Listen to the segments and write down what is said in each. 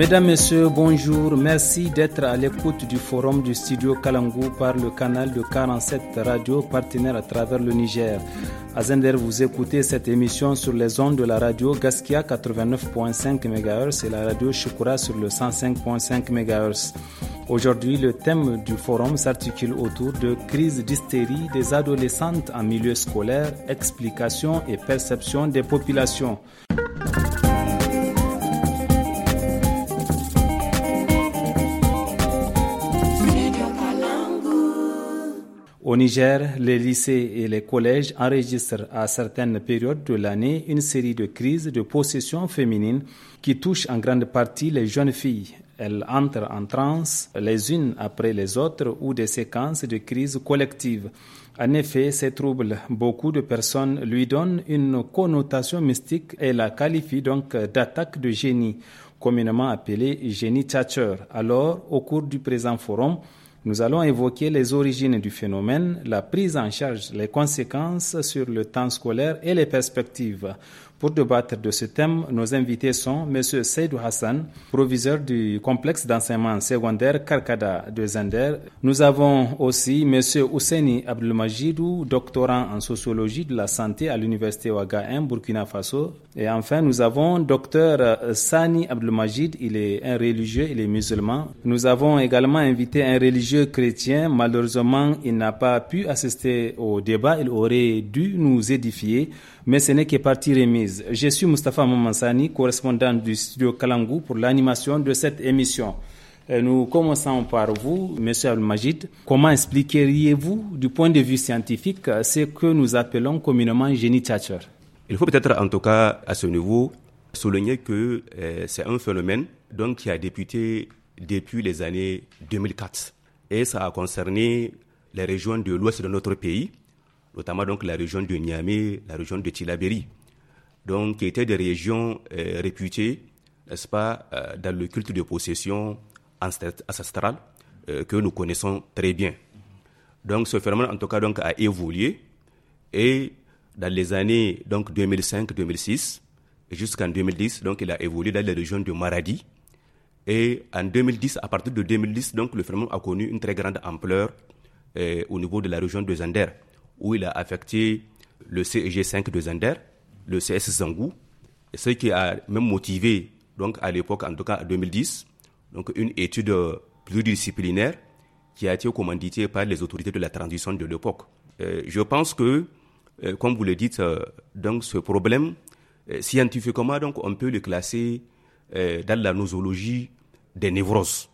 Mesdames, Messieurs, bonjour. Merci d'être à l'écoute du forum du studio Kalangou par le canal de 47 radios partenaires à travers le Niger. Azender, vous écoutez cette émission sur les ondes de la radio Gaskia 89.5 MHz et la radio Shukura sur le 105.5 MHz. Aujourd'hui, le thème du forum s'articule autour de crise d'hystérie des adolescentes en milieu scolaire, explication et perception des populations. Au Niger, les lycées et les collèges enregistrent à certaines périodes de l'année une série de crises de possession féminine qui touchent en grande partie les jeunes filles. Elles entrent en transe les unes après les autres ou des séquences de crises collectives. En effet, ces troubles, beaucoup de personnes lui donnent une connotation mystique et la qualifient donc d'attaque de génie, communément appelée génie Alors, au cours du présent forum, nous allons évoquer les origines du phénomène, la prise en charge, les conséquences sur le temps scolaire et les perspectives. Pour débattre de ce thème, nos invités sont M. Seydou Hassan, proviseur du complexe d'enseignement secondaire Karkada de Zender. Nous avons aussi M. Ouseni Abdelmajidou, doctorant en sociologie de la santé à l'Université Ouaga Burkina Faso. Et enfin, nous avons Dr Sani Abdelmajid, il est un religieux, il est musulman. Nous avons également invité un religieux chrétien. Malheureusement, il n'a pas pu assister au débat. Il aurait dû nous édifier, mais ce n'est que partie remise. Je suis Mustapha Mamansani, correspondant du studio Kalangou pour l'animation de cette émission. Euh, nous commençons par vous, Monsieur Al-Majid. Comment expliqueriez-vous, du point de vue scientifique, ce que nous appelons communément génie Il faut peut-être, en tout cas, à ce niveau, souligner que euh, c'est un phénomène donc, qui a débuté depuis les années 2004 et ça a concerné les régions de l'ouest de notre pays, notamment donc la région de Niamey, la région de Tilaberi, donc qui étaient des régions euh, réputées, n'est-ce pas, euh, dans le culte de possession ancestrale euh, que nous connaissons très bien. Donc ce phénomène, en tout cas, donc, a évolué et dans les années 2005-2006 jusqu'en 2010, donc, il a évolué dans les régions de Maradi, et en 2010, à partir de 2010, donc, le phénomène a connu une très grande ampleur euh, au niveau de la région de Zander, où il a affecté le CEG5 de Zander, le CS Zangou, ce qui a même motivé, donc, à l'époque, en tout cas en 2010, donc, une étude pluridisciplinaire qui a été commanditée par les autorités de la transition de l'époque. Euh, je pense que, euh, comme vous le dites, donc, ce problème, scientifiquement, donc, on peut le classer dans la nosologie des névroses.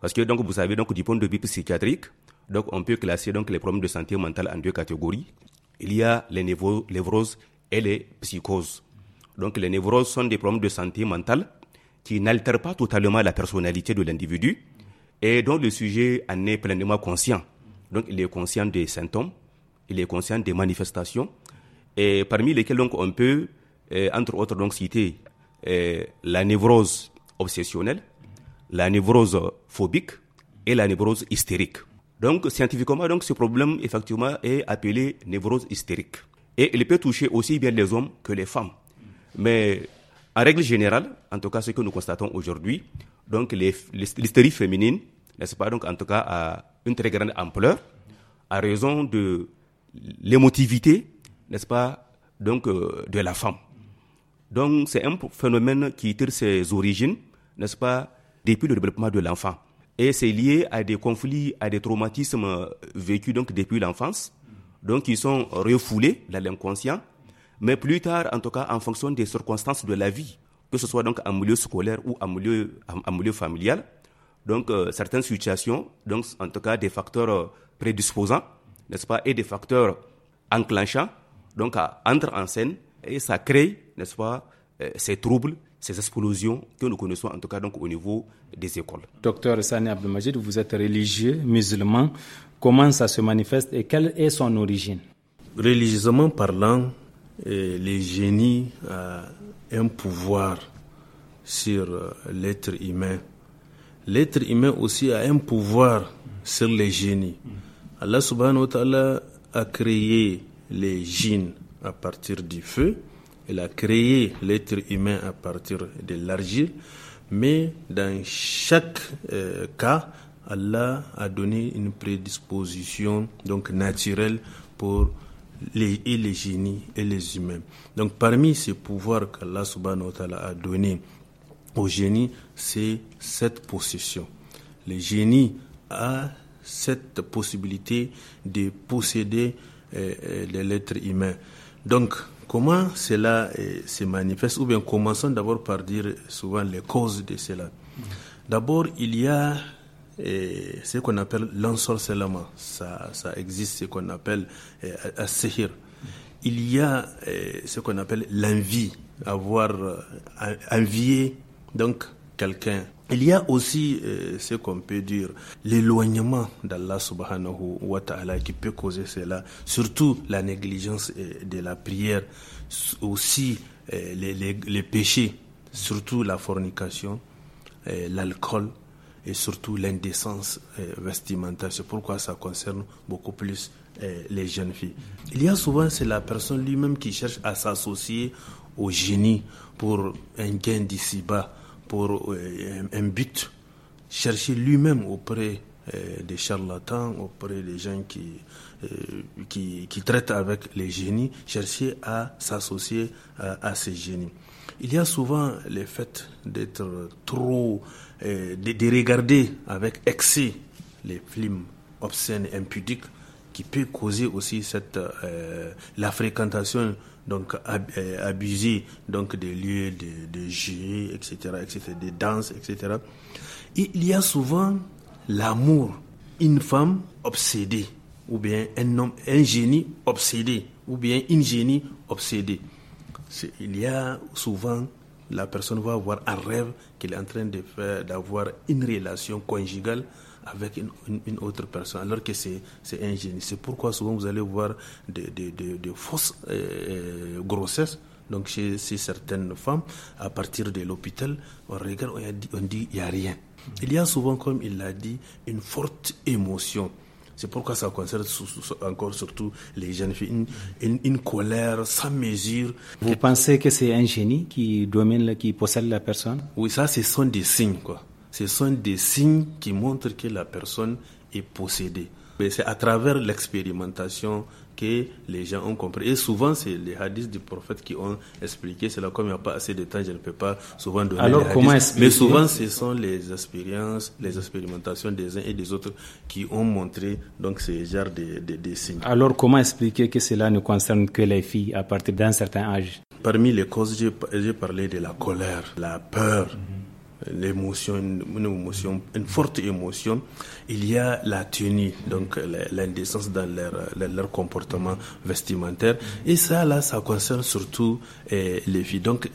Parce que donc, vous savez, donc, du point de vue psychiatrique, donc, on peut classer donc, les problèmes de santé mentale en deux catégories. Il y a les névroses et les psychoses. Donc, les névroses sont des problèmes de santé mentale qui n'altèrent pas totalement la personnalité de l'individu et dont le sujet en est pleinement conscient. Donc, il est conscient des symptômes, il est conscient des manifestations, et parmi lesquelles donc, on peut, euh, entre autres, donc, citer euh, la névrose obsessionnelle, la névrose phobique et la névrose hystérique. Donc, scientifiquement, donc, ce problème, effectivement, est appelé névrose hystérique. Et il peut toucher aussi bien les hommes que les femmes. Mais, en règle générale, en tout cas, ce que nous constatons aujourd'hui, donc, l'hystérie féminine, n'est-ce pas, donc, en tout cas, a une très grande ampleur, à raison de l'émotivité, n'est-ce pas, donc, euh, de la femme. Donc, c'est un phénomène qui tire ses origines, n'est-ce pas, depuis le développement de l'enfant. Et c'est lié à des conflits, à des traumatismes euh, vécus donc depuis l'enfance, donc ils sont refoulés dans l'inconscient, mais plus tard, en tout cas, en fonction des circonstances de la vie, que ce soit donc en milieu scolaire ou en milieu, milieu familial, donc euh, certaines situations, donc en tout cas des facteurs euh, prédisposants, n'est-ce pas, et des facteurs enclenchants, donc entrent en scène et ça crée, n'est-ce pas, ces troubles ces explosions que nous connaissons en tout cas donc au niveau des écoles. Docteur Sani Abdelmajid, vous êtes religieux, musulman. Comment ça se manifeste et quelle est son origine Religieusement parlant, eh, les génies ont euh, un pouvoir sur euh, l'être humain. L'être humain aussi a un pouvoir sur les génies. Allah subhanahu wa ta'ala a créé les djinns à partir du feu elle a créé l'être humain à partir de l'argile, mais dans chaque euh, cas, Allah a donné une prédisposition donc naturelle pour les, génies et les humains. Donc parmi ces pouvoirs qu'Allah subhanahu wa a donné aux génies, c'est cette possession. les génies a cette possibilité de posséder les euh, êtres euh, l'être humain. Donc Comment cela eh, se manifeste Ou bien commençons d'abord par dire souvent les causes de cela. D'abord, il y a eh, ce qu'on appelle l'ensorcellement. Ça, ça existe, ce qu'on appelle eh, as Il y a eh, ce qu'on appelle l'envie, avoir euh, envié donc quelqu'un il y a aussi euh, ce qu'on peut dire, l'éloignement d'Allah subhanahu wa ta'ala qui peut causer cela, surtout la négligence euh, de la prière, aussi euh, les, péchés, surtout la fornication, l'alcool et surtout l'indécence vestimentaire. C'est pourquoi ça concerne beaucoup plus les jeunes filles. Il y a souvent, c'est la personne lui-même qui cherche à s'associer au génie pour un gain d'ici-bas pour euh, un but, chercher lui-même auprès euh, des charlatans, auprès des gens qui, euh, qui, qui traitent avec les génies, chercher à s'associer à, ces génies. Il y a souvent le fait d'être trop, de, regarder avec excès les films obscènes, impudiques, qui peut causer aussi cette, la fréquentation donc euh, abuser donc des lieux de, de jeu, etc., etc., des danses, etc. il y a souvent l'amour, une femme obsédée, ou bien un homme, un génie obsédé, ou bien une génie obsédée. Il y a souvent la personne va avoir un rêve qu'elle est en train de faire, d'avoir une relation conjugale avec une, autre personne, alors que c'est un génie. C'est pourquoi souvent vous allez voir des, des, des, fausses euh, euh, grossesses. Donc chez, certaines femmes, à partir de l'hôpital, on regarde, on dit il n'y a rien. Il y a souvent, comme il l'a dit, une forte émotion. C'est pourquoi ça concerne encore surtout les jeunes filles. Une, une, colère sans mesure. Vous pensez que c'est un génie qui domine, qui possède la personne Oui, ça, ce sont des signes, quoi ce sont des signes qui montrent que la personne est possédée. c'est à travers l'expérimentation que les gens ont compris. Et souvent, c'est les hadiths du prophète qui ont expliqué cela. Comme il n'y a pas assez de temps, je ne peux pas souvent donner les Mais souvent, ce sont les expériences, les expérimentations des uns et des autres qui ont montré donc ces genre de, signes. Alors, comment expliquer que cela ne concerne que les filles à partir d'un certain âge Parmi les causes, j'ai parlé de la colère, la peur. Mhm l'émotion, une, émotion, une forte émotion, il y a la tenue, donc l'indécence dans leur, leur, comportement vestimentaire. Et ça, là, ça concerne surtout eh, les filles. Donc,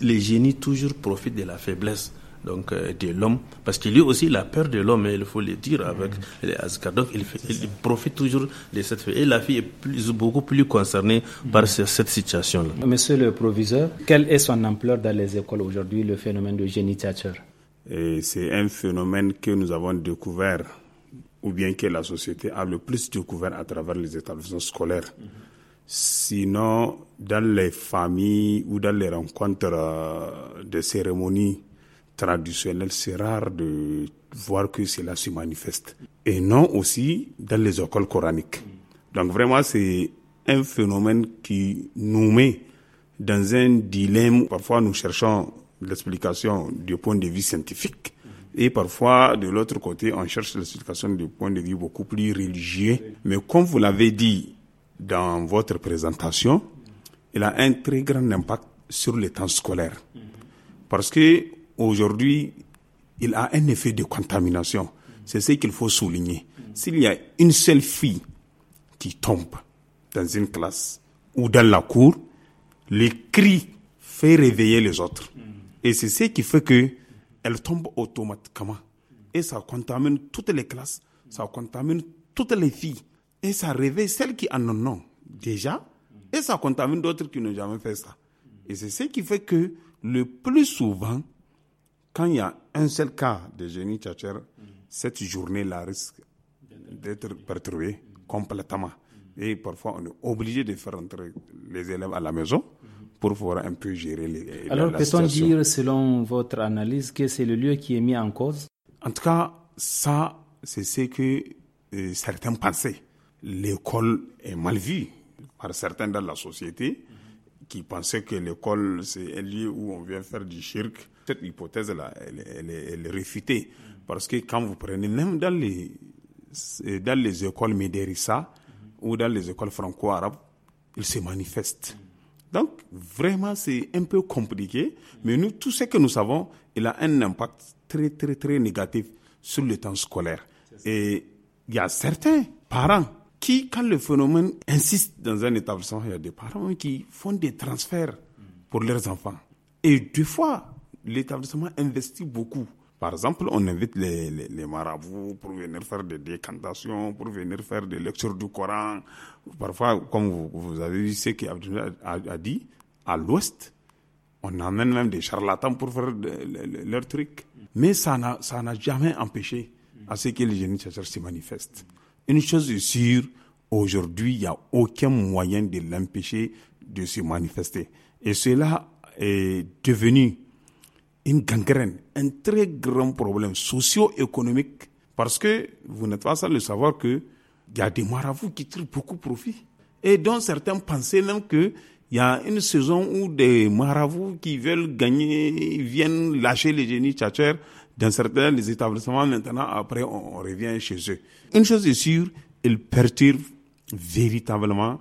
les génies toujours profitent de la faiblesse donc euh, de l'homme, parce qu'il y a aussi la peur de l'homme, il faut le dire avec mm. les il, profite toujours de cette fille. Et la fille est plus, beaucoup plus concernée par mm. cette situation-là. Monsieur le proviseur, quelle est son ampleur dans les écoles aujourd'hui, le phénomène de génitateur C'est un phénomène que nous avons découvert, ou bien que la société a le plus découvert à travers les établissements scolaires. Mm-hmm. Sinon, dans les familles ou dans les rencontres euh, de cérémonies, traditionnel, c'est rare de voir que cela se manifeste. Et non aussi dans les écoles coraniques. Donc vraiment, c'est un phénomène qui nous met dans un dilemme. Parfois, nous cherchons l'explication du point de vue scientifique. Et parfois, de l'autre côté, on cherche l'explication du point de vue beaucoup plus religieux. Mais comme vous l'avez dit dans votre présentation, il a un très grand impact sur les temps scolaires Parce que aujourd'hui, il a un effet de contamination. C'est ce qu'il faut souligner. S'il y a une seule fille qui tombe dans une classe ou dans la cour, le cri fait réveiller les autres. Et c'est ce qui fait que elle tombe automatiquement. Et ça contamine toutes les classes, ça contamine toutes les filles. Et ça réveille celles qui en ont déjà. Et ça contamine d'autres qui n'ont jamais fait ça. Et c'est ce qui fait que le plus souvent, quand il y a un seul cas de génie tchatcher, cette journée-là risque d'être perturbée complètement. Et parfois, on est obligé de faire entrer les élèves à la maison pour pouvoir un peu gérer les, Alors, peut-on dire, selon votre analyse, que c'est le lieu qui est mis en cause En tout cas, ça, c'est ce que euh, certains pensaient. L'école est mal vue par certains dans la société qui pensaient que l'école, c'est un lieu où on vient faire du cirque cette hypothèse-là, elle, est réfutée. Parce que quand vous prenez, même dans les, dans les écoles médérissa ou dans les écoles franco-arabes, il se manifeste. Donc, vraiment, c'est un peu compliqué. Mais nous, tout ce que nous savons, il a un impact très, très, très négatif sur le temps scolaire. Et il y a certains parents qui, quand le phénomène insiste dans un établissement, il y a des parents qui font des transferts pour leurs enfants. Et deux fois, l'établissement investit beaucoup. Par exemple, on invite les, les, marabouts pour venir faire des décantations, pour venir faire des lectures du Coran. Parfois, comme vous, avez vu ce qu'Abdullah a dit, à l'ouest, on amène même des charlatans pour faire leurs trucs. Mais ça n'a jamais empêché à ce que les génies chercheurs se manifestent. Une chose est sûre, aujourd'hui, il n'y a aucun moyen de l'empêcher de se manifester. Et cela est devenu une gangrène, un très grand problème socio-économique. Parce que vous n'êtes pas sans le savoir qu'il y a des maravous qui tirent beaucoup profit. Et dont certains pensaient même qu'il y a une saison où des maravous qui veulent gagner viennent lâcher les génies tchatchers dans certains des établissements. Maintenant, après, on, revient chez eux. Une chose est sûre, ils perturbent véritablement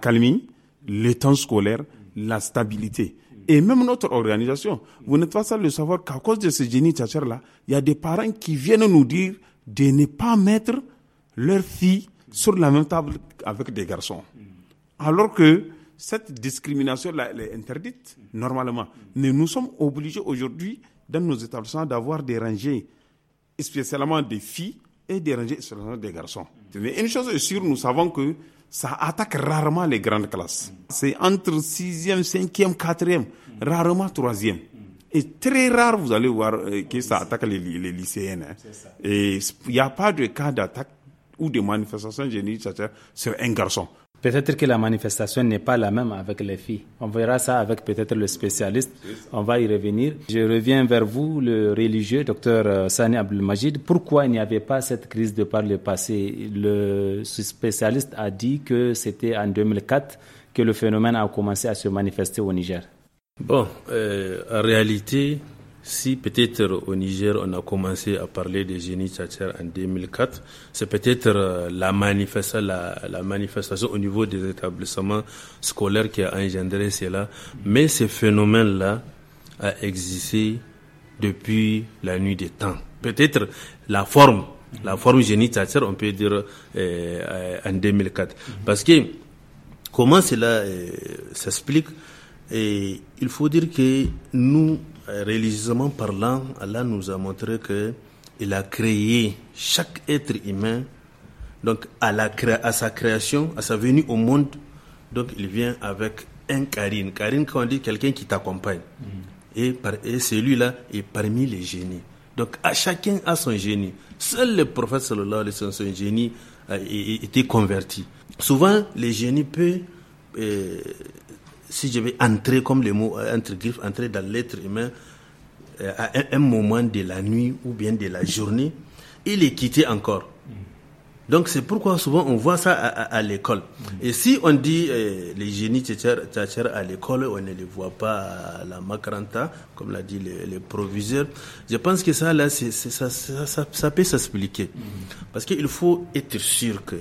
calmie, le temps scolaire, la stabilité. Et même notre organisation, vous n'êtes pas sans le savoir qu'à cause de ce génie tchatcher-là, il y a des parents qui viennent nous dire de ne pas mettre leurs filles sur la même table avec des garçons. Alors que cette discrimination-là, elle est interdite normalement. Mais nous sommes obligés aujourd'hui, dans nos établissements, d'avoir des rangées, spécialement des filles et des rangées spécialement des garçons. Une chose est sûre, nous savons que ça attaque rarement les grandes classes. C'est entre 6e, 5e, 4e, rarement 3e. Et très rare, vous allez voir euh, que ça attaque les, lycéens. lycéennes. Hein. Et il n'y a pas de cas d'attaque ou de manifestation générale sur un garçon. Peut-être que la manifestation n'est pas la même avec les filles. On verra ça avec peut-être le spécialiste. On va y revenir. Je reviens vers vous, le religieux, docteur euh, Sani majid Pourquoi il n'y avait pas cette crise de par le passé Le spécialiste a dit que c'était en 2004 que le phénomène a commencé à se manifester au Niger. Bon, euh, en réalité, si peut-être euh, au Niger, on a commencé à parler des génies tchatchers en 2004, c'est peut-être euh, la, la, manifestation au niveau des établissements scolaires qui a engendré cela. Mais ce phénomène-là a existé depuis la nuit des temps. Peut-être la forme, la forme génie tchatcher, on peut dire euh, en 2004. Parce que comment cela s'explique et il faut dire que nous, religieusement parlant, Allah nous a montré que il a créé chaque être humain. Donc, à, la, à sa création, à sa venue au monde, donc il vient avec un karine. Karine, quand on dit quelqu'un qui t'accompagne. Mm. Et, celui-là est parmi les génies. Donc, à chacun a son génie. Seul le prophète sallallahu alayhi wa sallam, son génie, a, a, été converti. Souvent, les génies peuvent euh, si je vais entrer, comme le mot euh, entre griffes, entrer dans l'être humain euh, à un, moment de la nuit ou bien de la journée, il est quitté encore. Donc c'est pourquoi souvent on voit ça à, l'école. Et si on dit euh, les génies etc. à l'école, on ne les voit pas à la Macranta, comme l'a dit le, proviseur, je pense que ça, là, ça, ça, peut s'expliquer. Parce qu'il faut être sûr que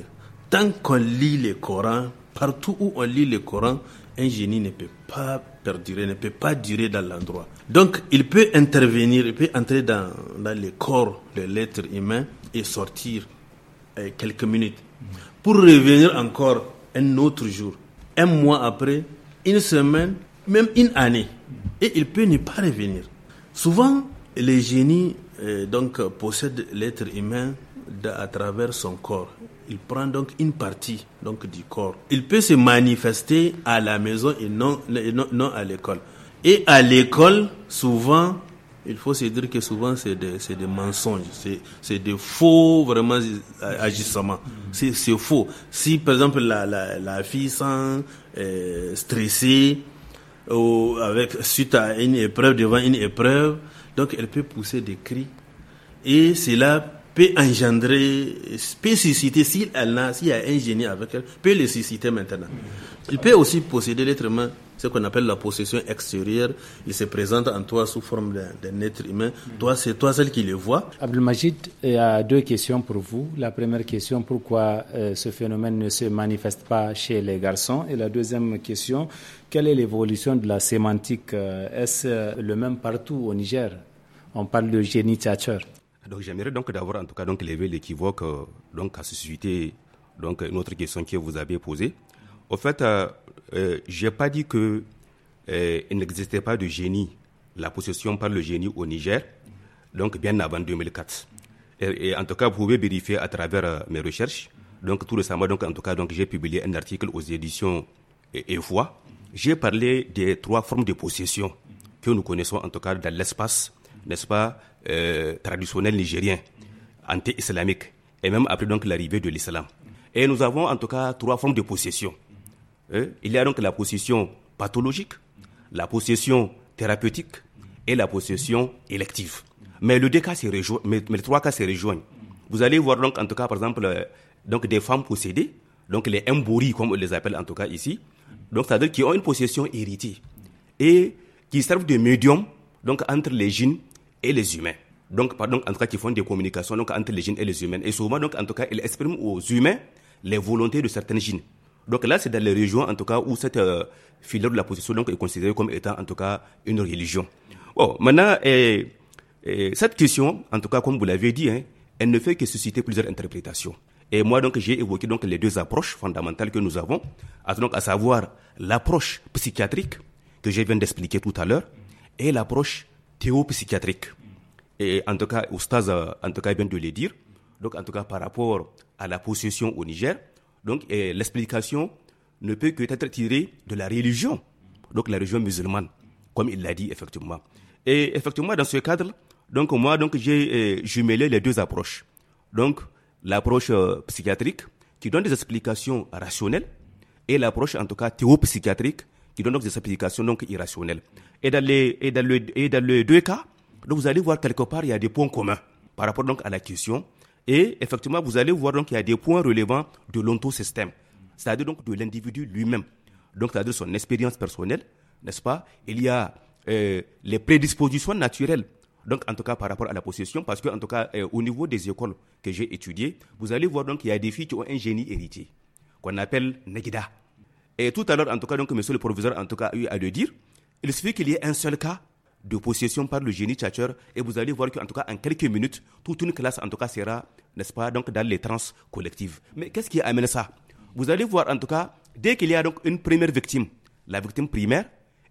tant qu'on lit le Coran, partout où on lit le Coran, un génie ne peut pas perdurer, ne peut pas durer dans l'endroit. Donc, il peut intervenir, il peut entrer dans, le corps de l'être humain et sortir euh, quelques minutes. Pour revenir encore un autre jour, un mois après, une semaine, même une année. Et il peut ne pas revenir. Souvent, les génies euh, donc, possèdent l'être humain à travers son corps il prend donc une partie donc du corps. Il peut se manifester à la maison et non, non, à l'école. Et à l'école, souvent, il faut se dire que souvent c'est des, mensonges, c'est, des faux vraiment agissements. C'est, faux. Si par exemple la, fille sent euh, stressée ou avec suite à une épreuve devant une épreuve, donc elle peut pousser des cris et cela peut engendrer, peut susciter, si elle s'il y a un génie avec elle, peut le susciter maintenant. Il peut aussi posséder l'être humain, ce qu'on appelle la possession extérieure. Il se présente en toi sous forme d'un être humain. Toi, c'est toi celle qui le voit Abdelmajid, il y a deux questions pour vous. La première question, pourquoi euh, ce phénomène ne se manifeste pas chez les garçons Et la deuxième question, quelle est l'évolution de la sémantique euh, Est-ce euh, le même partout au Niger On parle de génie tchatcheur. Donc j'aimerais donc d'avoir en tout cas donc lever l'équivoque euh, donc à susciter donc une autre question que vous avez posée. Au fait, je euh, n'ai euh, j'ai pas dit que il n'existait pas de génie, la possession par le génie au Niger, donc bien avant 2004. Et, en tout cas, vous pouvez vérifier à travers mes recherches. Donc tout récemment, donc en tout cas, donc j'ai publié un article aux éditions EFOI. J'ai parlé des trois formes de possession que nous connaissons en tout cas dans l'espace, n'est-ce pas, euh, traditionnel nigérien, anti-islamique, et même après donc l'arrivée de l'islam. Et nous avons en tout cas trois formes de possession. Euh, il y a donc la possession pathologique, la possession thérapeutique et la possession élective. Mais, le cas se mais, les trois cas se rejoignent. Vous allez voir donc en tout cas par exemple euh, donc des femmes possédées, donc les mbori comme on les appelle en tout cas ici, donc c'est-à-dire qui ont une possession héritée et qui servent de médium donc entre les jeunes et les humains. Donc, pardon, en tout cas, qui font des communications donc, entre les gènes et les humains. Et souvent, donc, en tout cas, ils expriment aux humains les volontés de certaines gènes Donc là, c'est dans les régions, en tout cas, où cette euh, filière de la position donc, est considérée comme étant, en tout cas, une religion. Bon, maintenant, cette question, en tout cas, comme vous l'avez dit, hein, elle ne fait que susciter plusieurs interprétations. Et moi, donc, j'ai évoqué donc, les deux approches fondamentales que nous avons, donc, à savoir l'approche psychiatrique, que je viens d'expliquer tout à l'heure, et l'approche théo-psychiatrique, Et en tout cas, Oustaz, euh, en tout cas, vient de le dire. Donc, en tout cas, par rapport à la possession au Niger, donc l'explication ne peut que être tirée de la religion, donc la religion musulmane, comme il l'a dit effectivement. Et effectivement, dans ce cadre, donc moi, donc j'ai euh, jumelé les deux approches. Donc l'approche euh, psychiatrique qui donne des explications rationnelles et l'approche en tout cas théopsychiatrique qui donnent donc des applications donc irrationnelles. Et dans les, deux cas, vous allez voir quelque part, il y a des points communs par rapport donc à la question. Et effectivement, vous allez voir donc qu'il y a des points relevant de l'ontosystème, c'est-à-dire donc de l'individu lui-même. Donc, c'est-à-dire son expérience personnelle, n'est-ce pas Il y a euh, les prédispositions naturelles. Donc, en tout cas, par rapport à la possession, parce que, en tout cas, euh, au niveau des écoles que j'ai étudiées, vous allez voir donc qu'il y a des filles qui ont un génie héritier, qu'on appelle Negida. Et tout à l'heure, en tout cas, donc, monsieur le proviseur, en tout cas, a eu à le dire, il suffit qu'il y ait un seul cas de possession par le génie tchatcheur et vous allez voir qu'en tout cas, en quelques minutes, toute une classe, en tout cas, sera, n'est-ce pas, donc, dans les trans collectives. Mais qu'est-ce qui amène ça Vous allez voir, en tout cas, dès qu'il y a donc une première victime, la victime primaire,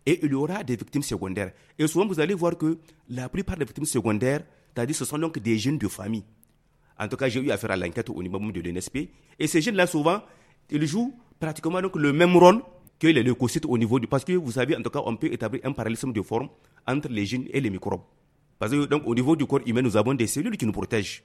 et il y aura des victimes secondaires. Et souvent, vous allez voir que la plupart des victimes secondaires, c'est-à-dire ce sont donc des jeunes de famille. En tout cas, j'ai eu affaire à l'enquête au niveau de l'NSP. Et ces jeunes-là, souvent, ils jouent pratiquement le même rôle que les leucocytes au niveau du... Parce que vous savez, en tout cas, on peut établir un parallélisme de forme entre les gènes et les microbes. Parce que au niveau du corps humain, nous avons des cellules qui nous protègent,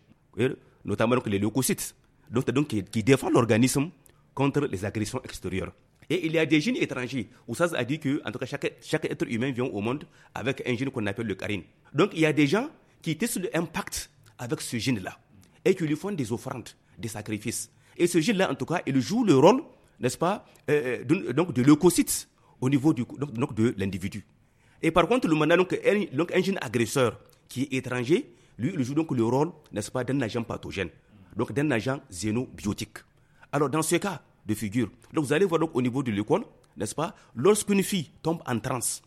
notamment les leucocytes, donc, donc qui, défendent l'organisme contre les agressions extérieures. Et il y a des gènes étrangers. où ça a dit que, en tout cas, chaque, chaque être humain vient au monde avec un gène qu'on appelle le carine. Donc, il y a des gens qui étaient testent l'impact avec ce gène-là et qui lui font des offrandes, des sacrifices. Et ce gène-là, en tout cas, il joue le rôle n'est-ce pas, euh, euh, donc de leucocytes au niveau de l'individu. Et par contre, le mandat, donc un, donc un, agresseur qui est étranger, lui, il joue donc le rôle, n'est-ce pas, d'un agent pathogène, donc d'un agent xénobiotique. Alors, dans ce cas de figure, donc vous allez voir donc, au niveau de l'école, n'est-ce pas, lorsqu'une fille tombe en transe,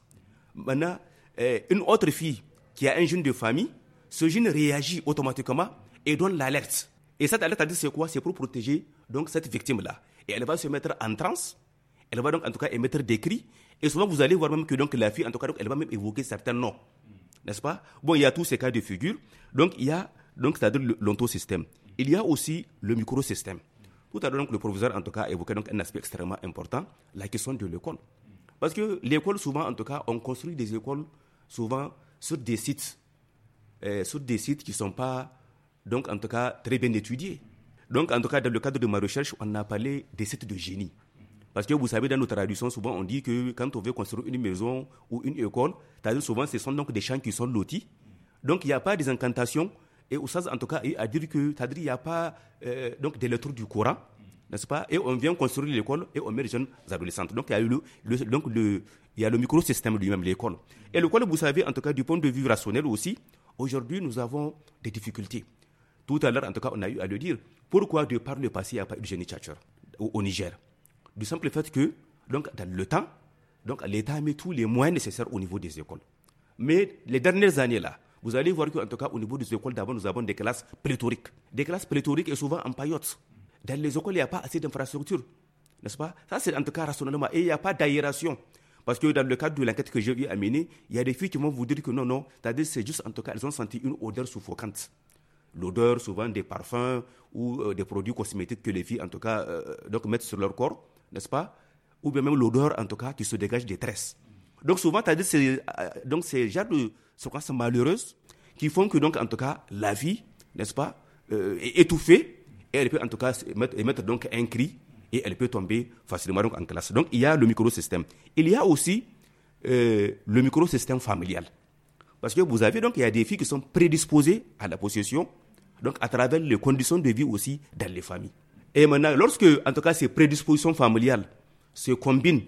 maintenant, euh, une autre fille qui a un gène de famille, ce gène réagit automatiquement et donne l'alerte. Et cette alerte, c'est quoi C'est pour protéger donc cette victime-là et elle va se mettre en transe. Elle va donc en tout cas émettre des cris. Et souvent, vous allez voir même que donc, la fille, en tout cas, donc, elle va même évoquer certains noms. N'est-ce pas Bon, il y a tous ces cas de figure. Donc, il y a, donc, c'est-à-dire l'ontosystème. Il y a aussi le microsystème. Tout à l'heure, donc, le professeur, en tout cas, évoquait donc, un aspect extrêmement important, la question de l'école. Parce que l'école, souvent, en tout cas, on construit des écoles, souvent, sur des sites, euh, sur des sites qui ne sont pas, donc, en tout cas, très bien étudiés. Donc, en tout cas, dans le cadre de ma recherche, on a parlé des sites de génie. Parce que vous savez, dans nos traductions, souvent on dit que quand on veut construire une maison ou une école, souvent ce sont donc des champs qui sont lotis. Donc il n'y a pas des incantations. Et Oussaz, en tout cas, à dire que il n'y a pas euh, donc des lettres du Coran, n'est-ce pas Et on vient construire l'école et on met les jeunes adolescentes. Donc il y a, le, donc, le, il y a le microsystème lui-même, l'école. Et le l'école, vous savez, en tout cas, du point de vue rationnel aussi, aujourd'hui nous avons des difficultés. Tout à l'heure, en tout cas, on a eu à le dire. Pourquoi, de par le passé, il n'y a pas eu au, Niger Du simple fait que, donc, dans le temps, donc, l'État met tous les moyens nécessaires au niveau des écoles. Mais les dernières années, là, vous allez voir qu'en tout cas, au niveau des écoles, d'abord, nous avons des classes pléthoriques. Des classes pléthoriques et souvent en paillotes. Dans les écoles, il n'y a pas assez d'infrastructures. N'est-ce pas Ça, c'est en tout cas rationnellement. Et il n'y a pas d'aération. Parce que dans le cadre de l'enquête que j'ai eu à mener, il y a des filles qui vont vous dire que non, non, c'est juste en tout cas, elles ont senti une odeur suffocante l'odeur souvent des parfums ou euh, des produits cosmétiques que les filles, en tout cas, euh, euh, donc mettent sur leur corps, n'est-ce pas Ou bien même l'odeur, en tout cas, qui se dégage des tresses. Donc souvent, tu as dit, c'est donc ces de circonstances malheureuses qui font que, donc, en tout cas, la vie, n'est-ce pas, est étouffée et elle peut, en tout cas, émettre, donc un cri et elle peut tomber facilement donc, en classe. Donc, il y a le microsystème. Il y a aussi le microsystème familial. Parce que vous avez donc, il y a des filles qui sont prédisposées à la possession, donc à travers les conditions de vie aussi dans les familles. Et maintenant, lorsque, en tout cas, ces prédispositions familiales se combinent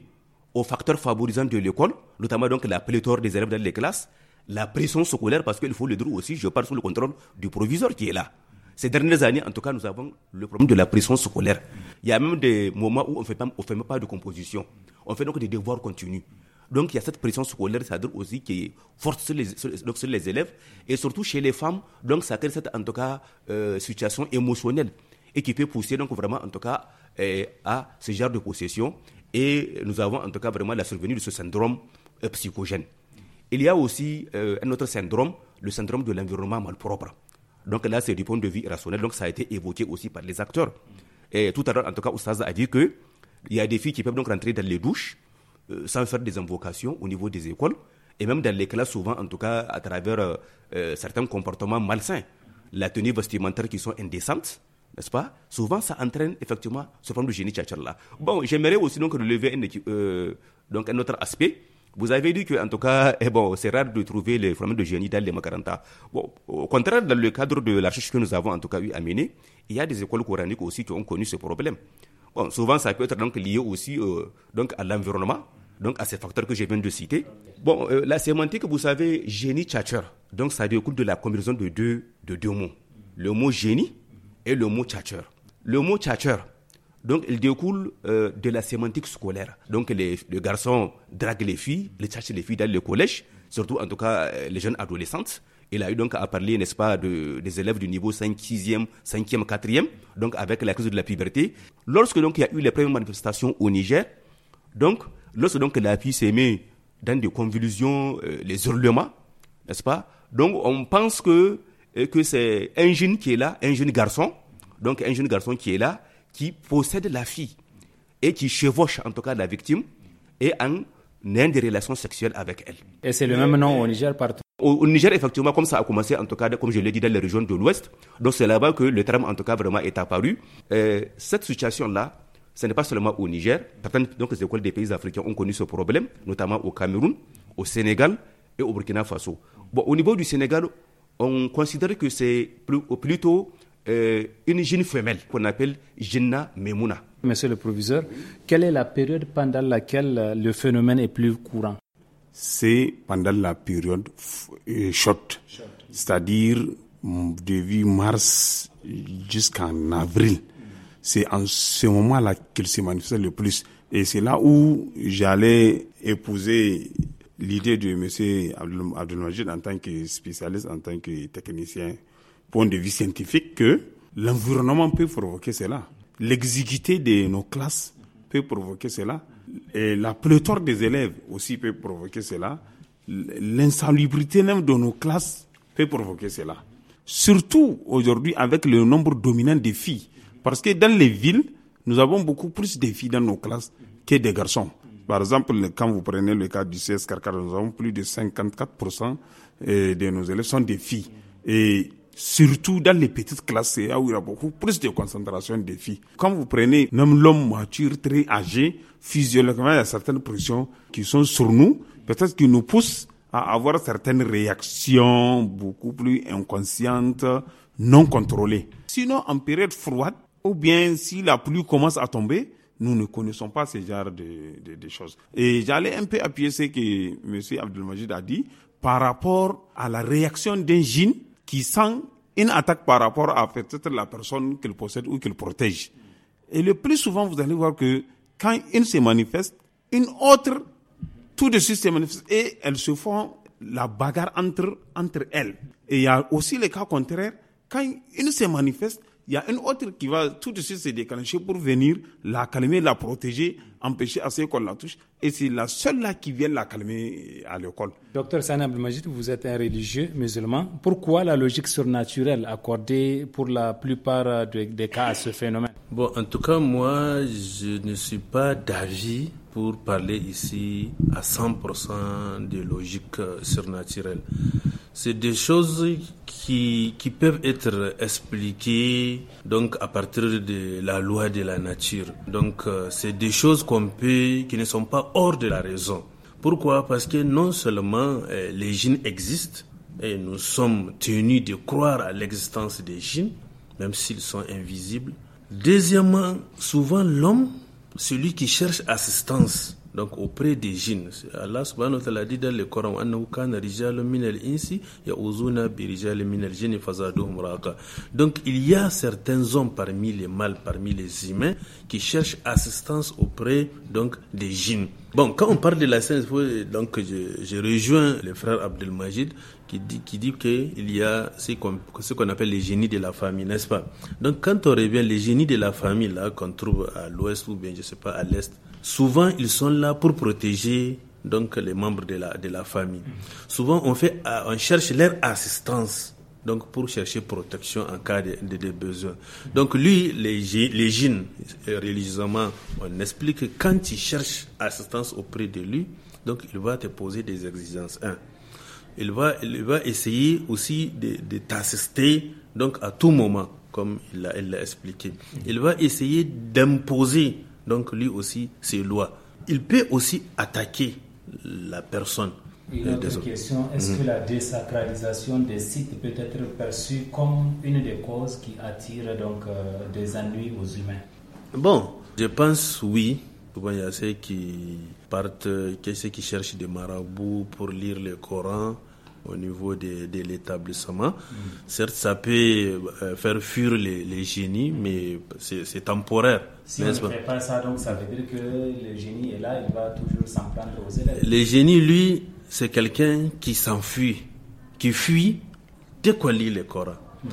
aux facteurs favorisants de l'école, notamment donc la pléthore des élèves dans les classes, la pression scolaire, parce qu'il faut le dire aussi, je parle sous le contrôle du proviseur qui est là. Ces dernières années, en tout cas, nous avons le problème de la pression scolaire. Il y a même des moments où on ne fait, même pas de composition. On fait donc des devoirs continus. Donc il y a cette pression scolaire, cest à aussi qui est sur les, donc sur les, élèves et surtout chez les femmes. Donc ça crée cette en tout cas euh, situation émotionnelle et qui peut pousser donc vraiment en tout cas euh, à ce genre de possession. Et nous avons en tout cas vraiment la survenue de ce syndrome euh, psychogène. Il y a aussi un autre syndrome, le syndrome de l'environnement malpropre. Donc là, c'est du point de vue rationnel Donc ça a été évoqué aussi par les acteurs. Et tout à l'heure, en tout cas, Oustaza a dit que il y a des filles qui peuvent donc rentrer dans les douches euh, sans faire des invocations au niveau des écoles et même dans les classes, souvent, en tout cas, à travers euh, euh, certains comportements malsains. La tenue vestimentaire qui sont indécentes, n'est-ce pas Souvent, ça entraîne effectivement ce forme de génie Bon, j'aimerais aussi donc relever un, donc un autre aspect. Vous avez dit que, en tout cas, eh bon, c'est rare de trouver les formes de génie dans les Bon, au contraire, dans le cadre de la recherche que nous avons en tout cas eu à mener, il y a des écoles coraniques aussi qui ont connu ce problème. Bon, souvent, ça peut être donc lié aussi donc à l'environnement, donc à ces facteurs que je viens de citer. Bon, euh, la sémantique, vous savez, génie chatter donc ça découle de la combinaison de deux, de deux mots, le mot génie et le mot tchatcher. Le mot tchatcher, donc il découle euh, de la sémantique scolaire. Donc les, garçons draguent les filles, les tchatches les filles dans le collège, surtout en tout cas euh, les jeunes adolescentes. Il a eu donc à parler, n'est-ce pas, des élèves du niveau 5, 6e, 5e, 4e, donc avec la crise de la puberté. Lorsque donc il y a eu les premières manifestations au Niger, donc Lorsque donc la fille s'est mise dans des convulsions, euh, les hurlements, n'est-ce pas Donc on pense que, euh, que c'est un jeune qui est là, un jeune garçon, donc un jeune garçon qui est là, qui possède la fille et qui chevauche en tout cas la victime et en ayant des relations sexuelles avec elle. Et c'est le même nom au Niger partout au, Niger, effectivement, comme ça a commencé, en tout cas, comme je l'ai dit, dans les régions de l'Ouest. Donc, c'est là-bas que le terme, en tout cas, vraiment est apparu. Euh, cette situation-là, ce n'est pas seulement au Niger. Certaines donc, les écoles des pays africains ont connu ce problème, notamment au Cameroun, au Sénégal et au Burkina Faso. au niveau du Sénégal, on considère que c'est plutôt euh, une jeune femelle qu'on appelle Jinna Memouna. Monsieur le proviseur, quelle est la période pendant laquelle euh, le phénomène est plus courant C'est pendant la période euh, short, c'est-à-dire mm, depuis mars jusqu'en avril. C'est en ce moment-là qu'il se manifeste le plus. Et c'est là où j'allais épouser l'idée de M. Abdelmajid en tant que spécialiste, en tant que technicien, point de vue scientifique, que l'environnement peut provoquer cela. L'exiguïté de nos classes peut provoquer cela. Et la pléthore des élèves aussi peut provoquer cela. L'insalubrité même de nos classes peut provoquer cela. Surtout aujourd'hui avec le nombre dominant des filles parce que dans les villes, nous avons beaucoup plus de filles dans nos classes que des garçons. Par exemple, quand vous prenez le cas du CS Carcar, nous avons plus de 54% euh, de nos élèves sont des filles. Et surtout dans les petites classes, c'est là où il y a beaucoup plus de concentration de filles. Quand vous prenez même l'homme mature, très âgé, physiologiquement, il y a certaines pressions qui sont sur nous, peut-être qui nous poussent à avoir certaines réactions beaucoup plus inconscientes, non contrôlées. Sinon, en période froide, ou bien si la pluie commence à tomber, nous ne connaissons pas ce genre de, choses. Et j'allais un peu appuyer ce que M. Abdelmajid a dit par rapport à la réaction d'un jean qui sent une attaque par rapport à peut-être la personne qu'il possède ou qu'il protège. Et le plus souvent, vous allez voir que quand une se manifeste, une autre, tout de suite se manifeste et elles se font la bagarre entre, entre elles. Et il y a aussi les cas contraire, Quand une se manifeste, il y a une autre qui va tout de suite se déclencher pour venir la calmer, la protéger, empêcher à ce qu'on la touche. Et c'est la seule là qui vient la calmer à l'école. Docteur Sanab Majid, vous êtes un religieux musulman. Pourquoi la logique surnaturelle accordée pour la plupart des cas à ce phénomène Bon, en tout cas, moi, je ne suis pas d'avis pour parler ici à 100% de logique surnaturelle. C'est des choses qui, qui, peuvent être expliquées donc à partir de la loi de la nature. Donc euh, c'est des choses qu'on peut, qui ne sont pas hors de la raison. Pourquoi Parce que non seulement euh, les gènes existent, et nous sommes tenus de croire à l'existence des gènes, même s'ils sont invisibles. Deuxièmement, souvent l'homme celui qui cherche assistance donc auprès des djinns. Allah subhanahu wa ta'ala dit dans le Coran min insi ya'uzuna Donc il y a certains hommes parmi les mâles, parmi les humains qui cherchent assistance auprès donc des djinns. Bon, quand on parle de la science, donc je, rejoins le frère Abdelmajid qui dit, qui dit qu'il y a ce qu'on, ce qu'on appelle les génies de la famille, n'est-ce pas Donc quand on revient, les génies de la famille là qu'on trouve à l'ouest ou bien je sais pas à l'est, souvent ils sont là pour protéger donc les membres de la, de la famille. Souvent on, fait, euh, on cherche leur assistance donc pour chercher protection en cas de, de, besoin. Donc lui, les, les jeunes, euh, religieusement, on explique que quand il cherche assistance auprès de lui, donc il va te poser des exigences. il va, il va essayer aussi de, de t'assister donc à tout moment, comme il l'a expliqué. Il va essayer d'imposer donc lui aussi, c'est lois. Il peut aussi attaquer la personne. Une autre question, est-ce que mhm. la désacralisation des sites peut être perçue comme une des causes qui attire donc euh, des ennuis aux humains Bon, je pense oui. il y a ceux qui partent, ceux qui cherchent des marabouts pour lire le Coran au niveau de, l'établissement. Certes, ça peut euh, faire fuir les, génies, mais c'est temporaire. Si on ne fait pas ça, donc ça veut dire que le génie est là, il va toujours s'en prendre aux élèves. Le génie, lui, c'est quelqu'un qui s'enfuit, qui fuit dès qu'on lit le Coran. Hmm.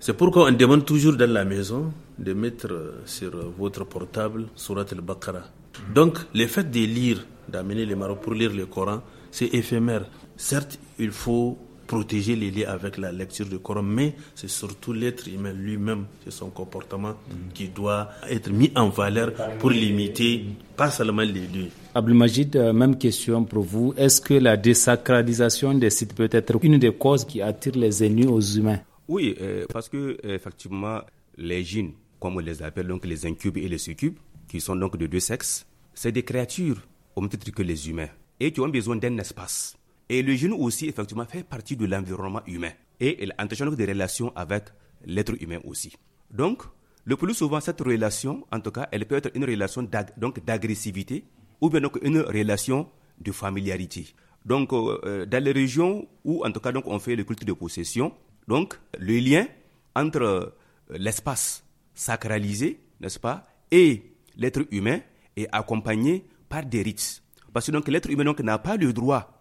C'est pourquoi on demande toujours dans la maison de mettre euh, sur euh, votre portable Surat al-Baqarah. Hmm. Donc, le fait de lire, d'amener les Marocains pour lire le Coran, c'est éphémère. Certes, il faut protéger les liens avec la lecture du Coran, mais c'est surtout l'être humain lui-même, c'est son comportement mm. qui doit être mis en valeur pour limiter, pas seulement les lieux. Abdelmajid, euh, même question pour vous. Est-ce que la désacralisation des sites peut être une des causes qui attire les ennemis aux humains Oui, euh, parce que effectivement, les djinns, comme on les appelle, donc les incubes et les succubes, qui sont donc de deux sexes, c'est des créatures au même titre que les humains et qui ont besoin d'un espace et le genou aussi, effectivement, fait partie de l'environnement humain. Et il entretient des relations avec l'être humain aussi. Donc, le plus souvent, cette relation, en tout cas, elle peut être une relation d'agressivité ou bien une relation de familiarité. Donc, euh, euh, dans les régions où, en tout cas, donc, on fait le culte de possession, donc, le lien entre euh, l'espace sacralisé, n'est-ce pas, et l'être humain est accompagné par des rites. Parce que l'être humain n'a pas le droit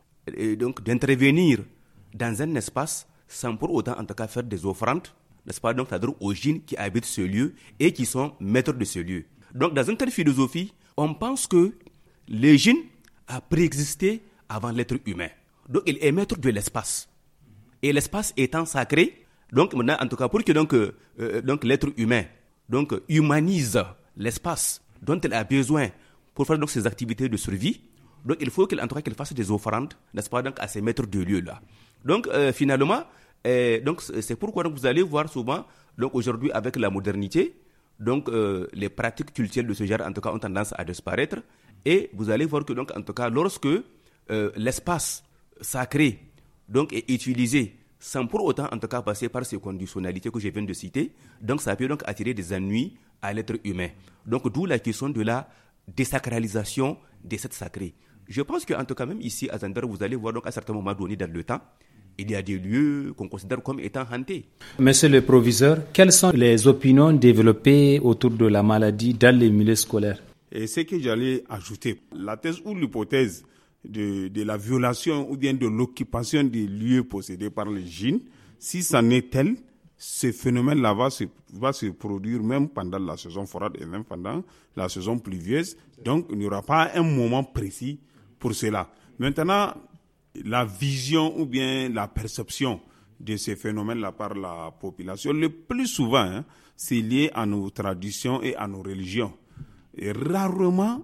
donc d'intervenir dans un espace sans pour autant en tout cas faire des offrandes, n'est-ce pas Donc c'est-à-dire aux djinns qui habitent ce lieu et qui sont maîtres de ce lieu. Donc dans une telle philosophie, on pense que les gènes a préexisté avant l'être humain. Donc il est maître de l'espace. Et l'espace étant sacré, donc maintenant en tout cas pour que donc, euh, euh, donc l'être humain donc humanise l'espace dont il a besoin pour faire donc ses activités de survie, donc il faut qu'il fasse des offrandes, n'est-ce pas, à ces maîtres de lieu-là. Donc euh, finalement, euh, donc c'est pourquoi vous allez voir souvent, donc aujourd'hui avec la modernité, donc euh, les pratiques culturelles de ce genre en tout cas ont tendance à disparaître. Et vous allez voir que donc en tout cas lorsque l'espace sacré donc est utilisé sans pour autant en tout cas passer par ces conditionnalités que je viens de citer, donc ça peut donc attirer des ennuis à l'être humain. Donc d'où la question de la désacralisation de cette sacrés. Je pense qu'en tout cas, même ici à Zander, vous allez voir donc à certains moments donné dans le temps, il y a des lieux qu'on considère comme étant hantés. Monsieur le proviseur, quelles sont les opinions développées autour de la maladie dans les milieux scolaires Et ce que j'allais ajouter, la thèse ou l'hypothèse de, la violation ou bien de l'occupation des lieux possédés par les djinns, si ça n'est tel, ce phénomène-là va se, va se produire même pendant la saison froide et même pendant la saison pluvieuse. Donc, il n'y aura pas un moment précis pour cela. Maintenant, la vision ou bien la perception de ces phénomènes-là par la population, le plus souvent, hein, c'est lié à nos traditions et à nos religions. Et rarement,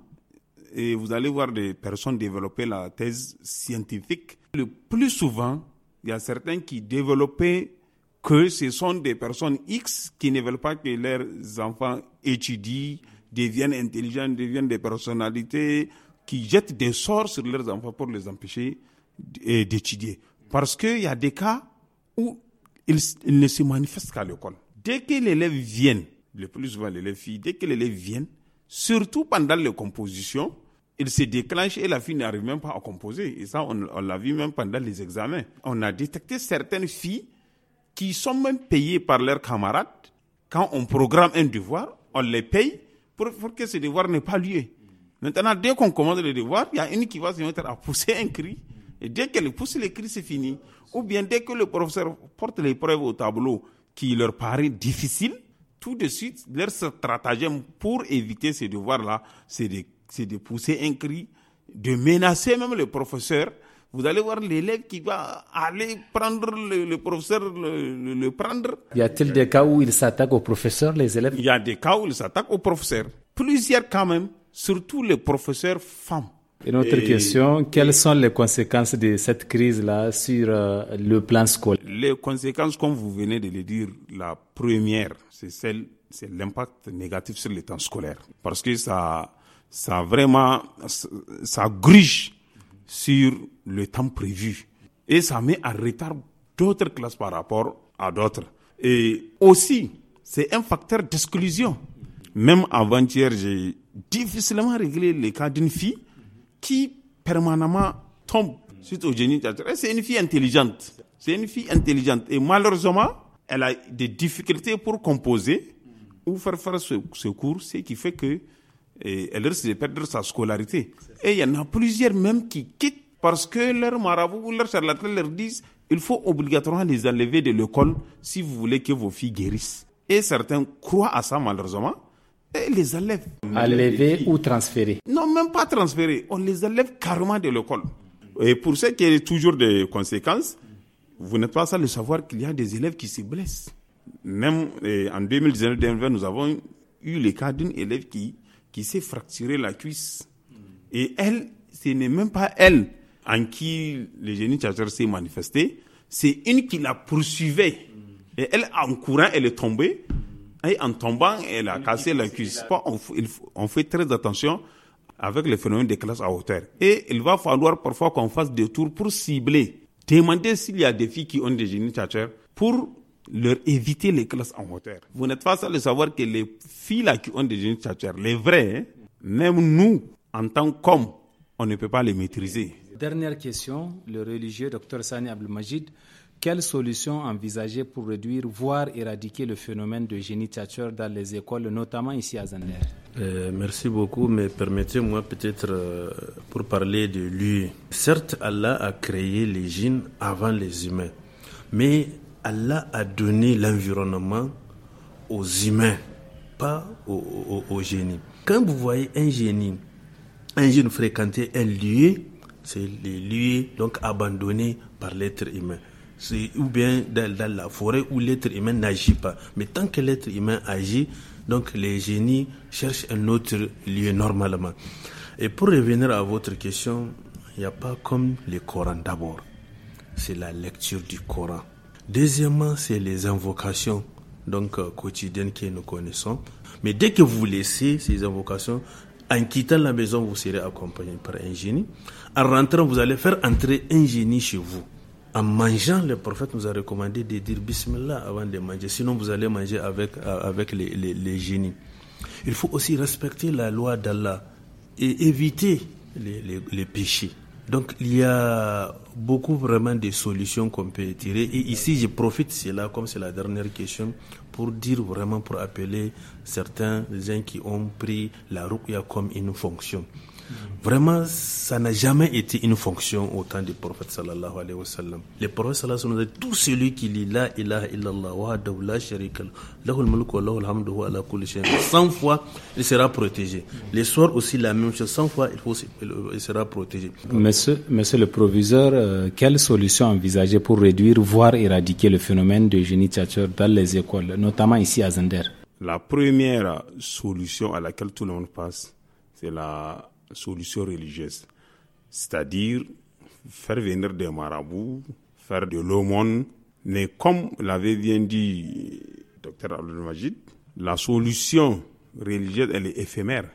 et vous allez voir des personnes développer la thèse scientifique. Le plus souvent, il y a certains qui développaient que ce sont des personnes X qui ne veulent pas que leurs enfants étudient, deviennent intelligents, deviennent des personnalités qui jettent des sorts sur leurs enfants pour les empêcher euh, d'étudier. Parce qu'il y a des cas où ils, ne se manifestent qu'à l'école. Dès que l'élève vient, le plus souvent l'élève fille, dès que l'élève vient, surtout pendant les compositions, il se déclenche et la fille n'arrive même pas à composer. Et ça, on, l'a vu même pendant les examens. On a détecté certaines filles qui sont même payées par leurs camarades. Quand on programme un devoir, on les paye pour, pour que ce devoir n'ait pas lieu. Maintenant, dès qu'on commence le devoir, il y a une qui va se mettre à pousser un cri. Et dès qu'elle pousse le cri, c'est fini. Ou bien dès que le professeur porte l'épreuve au tableau qui leur paraît difficile, tout de suite, leur stratagème pour éviter ces devoirs-là, c'est de, pousser un cri, de menacer même le professeur. Vous allez voir l'élève qui va aller prendre le, professeur, le, le, prendre. Y a-t-il des cas où il s'attaque au professeur, les élèves Il y a des cas où il s'attaquent au professeur. Plusieurs quand même surtout les professeurs femmes. Une autre question, quelles sont les conséquences de cette crise-là sur euh, le plan scolaire Les conséquences, comme vous venez de le dire, la première, c'est celle, c'est l'impact négatif sur le temps scolaire. Parce que ça, ça vraiment, ça, ça sur le temps prévu. Et ça met en retard d'autres classes par rapport à d'autres. Et aussi, c'est un facteur d'exclusion. Même avant-hier, j'ai difficilement régler les cas d'une fille qui permanemment tombe suite au génie C'est une fille intelligente. C'est une fille intelligente. Et malheureusement, elle a des difficultés pour composer ou faire faire ce, cours, ce qui fait que eh, elle risque de perdre sa scolarité. Et il y en a plusieurs même qui quittent parce que leur marabout ou leur charlatan leur disent il faut obligatoirement les enlever de l'école si vous voulez que vos filles guérissent. Et certains croient à ça malheureusement les élèves. lever ou transférer Non, même pas transférer. On les élève carrément de l'école. Et pour ce qui est toujours des conséquences, vous n'êtes pas sans le savoir qu'il y a des élèves qui se blessent. Même eh, en 2019-2020, nous avons eu le cas d'une élève qui, qui s'est fracturé la cuisse. Et elle, ce n'est même pas elle en qui le génie chasseur s'est manifesté, c'est une qui la poursuivait. Et elle, en courant, elle est tombée. Et en tombant, elle a cassé la cuisse. On, fait très attention avec le phénomène des classes à hauteur. Et il va falloir parfois qu'on fasse des tours pour cibler, demander s'il y a des filles qui ont des génitateurs pour leur éviter les classes en hauteur. Vous n'êtes pas seul de savoir que les filles là qui ont des génitateurs, les vrais, hein, même nous, en tant qu'hommes, on ne peut pas les maîtriser. Dernière question, le religieux docteur Sani Abdelmajid quelles solutions envisager pour réduire, voire éradiquer le phénomène de génie dans les écoles, notamment ici à Zaner euh, Merci beaucoup, mais permettez-moi peut-être euh, pour parler de lui. Certes, Allah a créé les gènes avant les humains, mais Allah a donné l'environnement aux humains, pas aux, génies. Quand vous voyez un génie, un jeune fréquenter un lieu, c'est le lieu donc abandonné par l'être humain ou bien dans, la forêt où l'être humain n'agit pas. Mais tant que l'être humain agit, donc les génies cherchent un autre lieu normalement. Et pour revenir à votre question, il n'y a pas comme le Coran d'abord. C'est la lecture du Coran. Deuxièmement, c'est les invocations donc euh, quotidiennes que nous connaissons. Mais dès que vous laissez ces invocations, en quittant la maison, vous serez accompagné par un génie. En rentrant, vous allez faire entrer un génie chez vous en mangeant, le prophète nous a recommandé de dire Bismillah avant de manger, sinon vous allez manger avec, euh, avec les, les, génies. Il faut aussi respecter la loi d'Allah et éviter les, les, péchés. Donc il y a beaucoup vraiment de solutions qu'on peut tirer. Et ici, je profite, de là comme c'est la dernière question, pour dire vraiment, pour appeler certains gens qui ont pris la rukya comme une fonction. Vraiment, ça n'a jamais été une fonction au temps du prophète sallallahu alayhi wa sallam. Le prophète sallallahu alayhi wa sallam, tout celui qui lit la ilaha illallah wa la sharika lahul mulku wa lahul hamdu wa ala kulli shay'in. 100 fois, il sera protégé. Les soirs aussi, la même chose. 100 fois, il, faut, il sera protégé. Monsieur, monsieur le proviseur, quelles euh, quelle solution envisager pour réduire, voire éradiquer le phénomène de génie dans les écoles, notamment ici à Zender? La première solution à laquelle tout le monde passe, c'est la solution religieuse, c'est-à-dire faire venir des marabouts, faire de l'aumône. Mais comme l'avait bien dit euh, Dr Abdel la solution religieuse, elle est éphémère.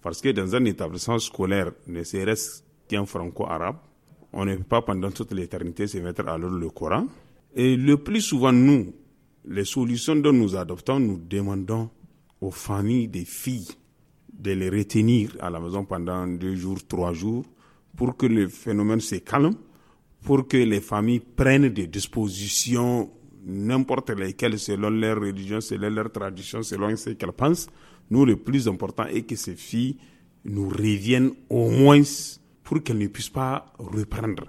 Parce que dans un établissement scolaire, ne serait-ce qu'un franco-arabe, on ne peut pas pendant toute l'éternité se mettre à l'ordre le Coran. Et le plus souvent, nous, les solutions dont nous adoptons, nous demandons aux familles des filles de les retenir à la maison pendant deux jours, trois jours, pour que le phénomène se calme, pour que les familles prennent des dispositions, n'importe lesquelles, selon leur religion, selon leur tradition, selon ce qu'elles pensent. Nous, le plus important est que ces filles nous reviennent au moins pour qu'elles ne puissent pas reprendre.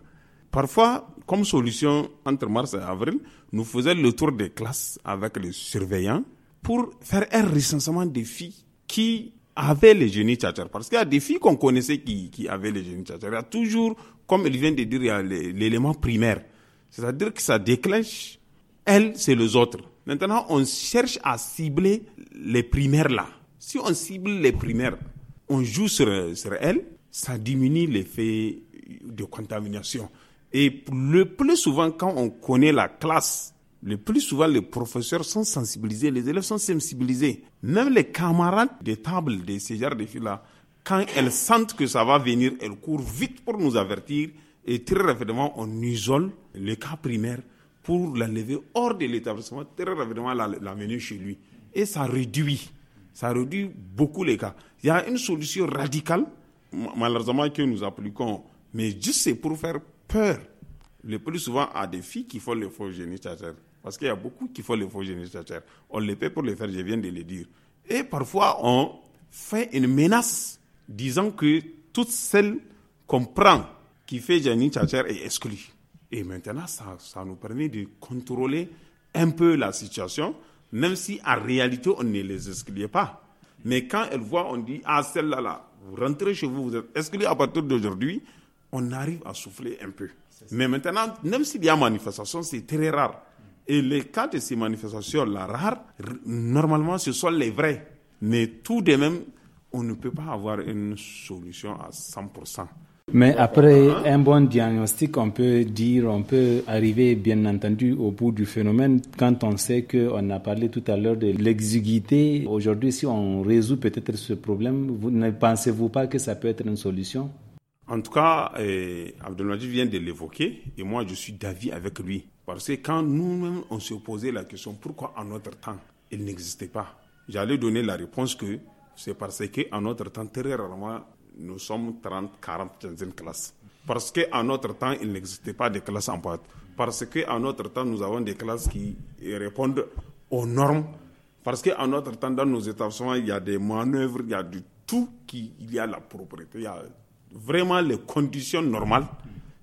Parfois, comme solution, entre mars et avril, nous faisions le tour des classes avec les surveillants pour faire un recensement des filles qui avaient les génies tchatchers. Parce qu'il y a des filles qu'on connaissait qui, qui avaient les génies tchatchers. Il y a toujours, comme il vient de dire, il y a l'élément primaire. C'est-à-dire que ça déclenche, elle, c'est les autres. Maintenant, on cherche à cibler les primaires là. Si on cible les primaires, on joue sur, sur elles, ça diminue l'effet de contamination. Et le plus souvent, quand on connaît la classe le plus souvent, les professeurs sont sensibilisés, les élèves sont sensibilisés. Même les camarades de table de ces genres de filles-là, quand elles sentent que ça va venir, elles courent vite pour nous avertir et très rapidement, on isole le cas primaire pour l'enlever hors de l'établissement, très rapidement l'amener chez lui. Et ça réduit, ça réduit beaucoup les cas. Il y a une solution radicale, malheureusement, que nous appliquons, mais juste c'est pour faire peur le plus souvent à des filles qui font le faux génie parce qu'il y a beaucoup qui font les faux Tchatcher. On les paie pour les faire, je viens de le dire. Et parfois, on fait une menace disant que toute celle qu'on prend qui fait Gianni Tchatcher est exclue. Et maintenant, ça, ça nous permet de contrôler un peu la situation, même si en réalité, on ne les excluait pas. Mais quand elles voient, on dit Ah, celle-là, là, vous rentrez chez vous, vous êtes exclu à partir d'aujourd'hui, on arrive à souffler un peu. Mais maintenant, même s'il y a manifestation, c'est très rare. Et les cas de ces manifestations la rares, normalement, ce sont les vrais. Mais tout de même, on ne peut pas avoir une solution à 100%. Mais après un bon diagnostic, on peut dire, on peut arriver bien entendu au bout du phénomène quand on sait qu'on a parlé tout à l'heure de l'exiguïté. Aujourd'hui, si on résout peut-être ce problème, vous, ne pensez-vous pas que ça peut être une solution En tout cas, eh, vient de l'évoquer et moi je suis d'avis avec lui. Parce que quand nous-mêmes, on se posait la question pourquoi en notre temps, il n'existait pas, j'allais donner la réponse que c'est parce qu'en notre temps, très rarement, nous sommes 30, 40 dans une classe. Parce qu'en notre temps, il n'existait pas de classe en boîte. Parce qu'en notre temps, nous avons des classes qui répondent aux normes. Parce qu'en notre temps, dans nos établissements, il y a des manœuvres, il y a du tout, qui, il y a la propriété, il y a vraiment les conditions normales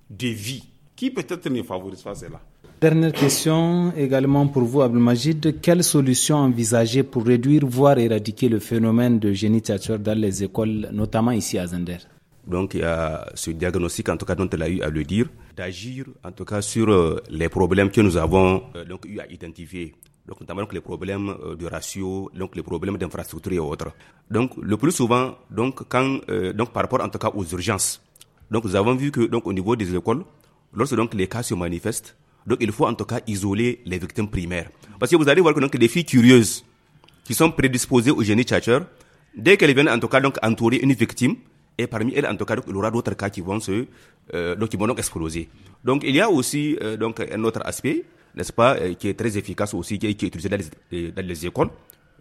de vie qui peut-être ne favorisent pas cela. Dernière question également pour vous, Abdelmajid. Quelles solutions envisager pour réduire, voire éradiquer le phénomène de génie dans les écoles, notamment ici à Zender donc il y a ce diagnostic, en tout cas dont elle a eu à le dire, d'agir en tout cas sur euh, les problèmes que nous avons euh, donc eu à identifier. Donc notamment les problèmes euh, de ratio, donc les problèmes d'infrastructure et autres. Donc le plus souvent, donc quand donc par rapport en tout cas aux urgences. Donc nous avons vu que donc au niveau des écoles, lorsque donc les cas se manifestent, donc il faut en tout cas isoler les victimes primaires. Parce que vous allez voir que donc, les filles curieuses qui sont prédisposées au génie chatter, dès qu'elles viennent en tout cas donc, entourer une victime, et parmi elles en tout cas il y aura d'autres cas qui vont se euh, qui vont exploser. Donc il y a aussi euh, donc, un autre aspect, n'est-ce pas, euh, qui est très efficace aussi, qui est, utilisé dans les, écoles,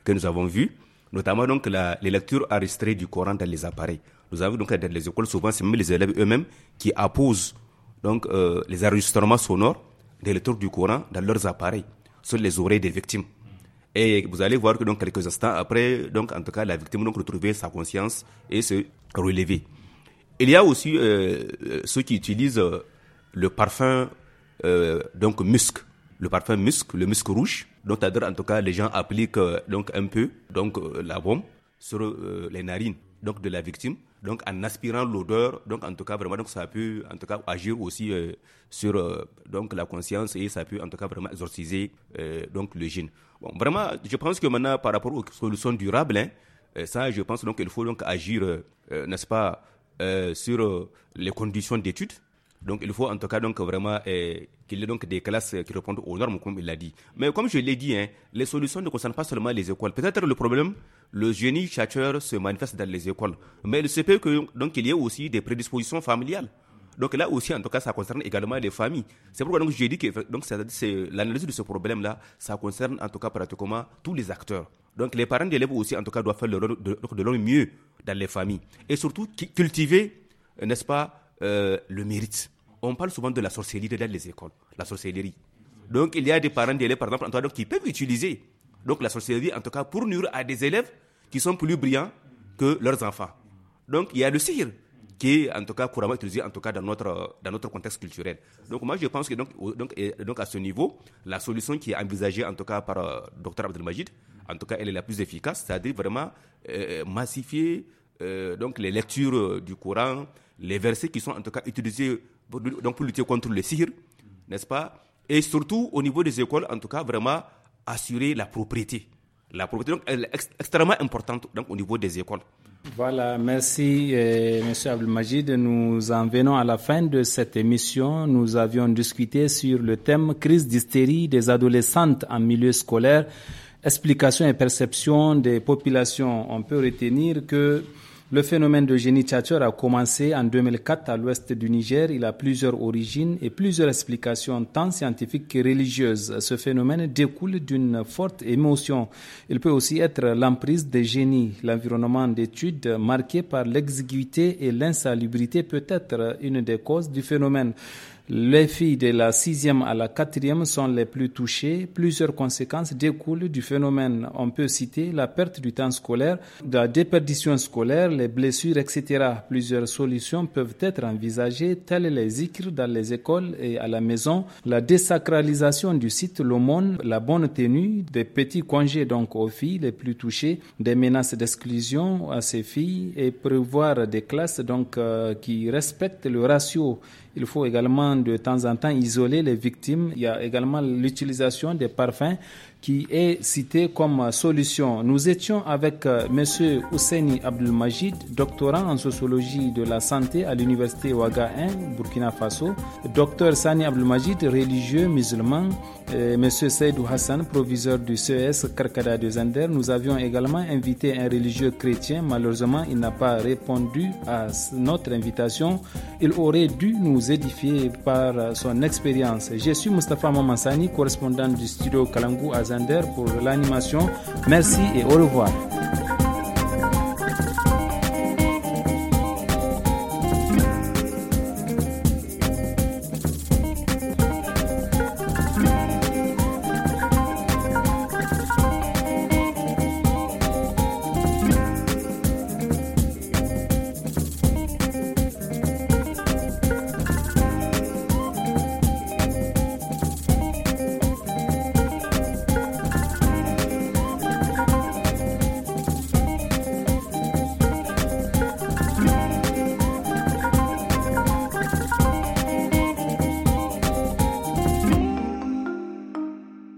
que nous avons vu, notamment donc les lectures enregistrées du Coran dans les appareils. Nous avons donc dans les écoles, souvent c'est même les élèves eux-mêmes qui apposent donc, les enregistrements sonores des lecteurs du Coran dans leurs appareils, sur les oreilles des victimes. Et vous allez voir que donc quelques instants après, donc en tout cas, la victime donc retrouver sa conscience et se relever. Il y a aussi euh, euh, ceux qui utilisent euh, le parfum donc musc, le parfum musc, le musc rouge. dont en tout cas, les gens appliquent donc un peu donc la bombe sur les narines donc de la victime donc en aspirant l'odeur, donc en tout cas vraiment, donc ça a pu en tout cas agir aussi euh, sur euh, donc la conscience et ça a pu en tout cas vraiment exorciser euh, donc le gène. Bon, vraiment, je pense que maintenant par rapport aux solutions durables, hein, ça, je pense donc qu'il faut donc agir, n'est-ce pas, sur les conditions d'études donc il faut en tout cas donc vraiment euh, qu'il y ait donc des classes euh, qui répondent aux normes comme il l'a dit. Mais comme je l'ai dit, hein, les solutions ne concernent pas seulement les écoles. Peut-être le problème, le génie chercheur se manifeste dans les écoles, mais il se peut que donc il y ait aussi des prédispositions familiales. Donc là aussi, en tout cas, ça concerne également les familles. C'est pourquoi donc j'ai dit que donc c'est l'analyse de ce problème-là, ça concerne en tout cas pratiquement tous les acteurs. Donc les parents d'élèves aussi, en tout cas, doivent faire le de, de leur mieux dans les familles et surtout cultiver, euh, n'est-ce pas, euh, le mérite. On parle souvent de la sorcellerie dans les écoles, la sorcellerie. Donc il y a des parents d'élèves, par exemple, qui peuvent utiliser donc la sorcellerie, en tout cas, pour nuire à des élèves qui sont plus brillants que leurs enfants. Donc il y a le sihir qui est en tout cas couramment utilisé en tout cas dans notre dans notre contexte culturel. Donc moi je pense que donc à ce niveau la solution qui est envisagée en tout cas par euh, docteur Dr Abdelmajid en tout cas elle est la plus efficace, c'est-à-dire vraiment euh, massifier donc les lectures du Coran, les versets qui sont en tout cas utilisés pour, donc pour lutter contre le sihir, n'est-ce pas Et surtout au niveau des écoles, en tout cas, vraiment assurer la propriété. La propriété, est extrêmement importante donc, au niveau des écoles. Voilà, merci M. Euh, Monsieur Abdelmajid. Nous en venons à la fin de cette émission. Nous avions discuté sur le thème crise d'hystérie des adolescentes en milieu scolaire, explication et perception des populations. On peut retenir que le phénomène de génitature a commencé en 2004 à l'ouest du Niger. Il a plusieurs origines et plusieurs explications tant scientifiques que religieuses. Ce phénomène découle d'une forte émotion. Il peut aussi être l'emprise des génies. L'environnement d'étude, marqué par l'exiguïté et l'insalubrité peut être une des causes du phénomène. Les filles de la sixième à la quatrième sont les plus touchées. Plusieurs conséquences découlent du phénomène. On peut citer la perte du temps scolaire, la déperdition scolaire, les blessures, etc. Plusieurs solutions peuvent être envisagées, telles les écrits dans les écoles et à la maison, la désacralisation du site, l'aumône, la bonne tenue, des petits congés donc aux filles les plus touchées, des menaces d'exclusion à ces filles et prévoir des classes donc euh, qui respectent le ratio il faut également de temps en temps isoler les victimes. Il y a également l'utilisation des parfums qui est cité comme solution. Nous étions avec euh, M. Housseini Abdelmajid, doctorant en sociologie de la santé à l'université Ouaga 1, Burkina Faso, Dr Sani Abdelmajid, religieux musulman, M. Seydou Hassan, proviseur du CES Karkada de Zander. Nous avions également invité un religieux chrétien. Malheureusement, il n'a pas répondu à notre invitation. Il aurait dû nous édifier par son expérience. Je suis Mustafa Mamansani, correspondant du studio Kalangu à pour l'animation. Merci et au revoir.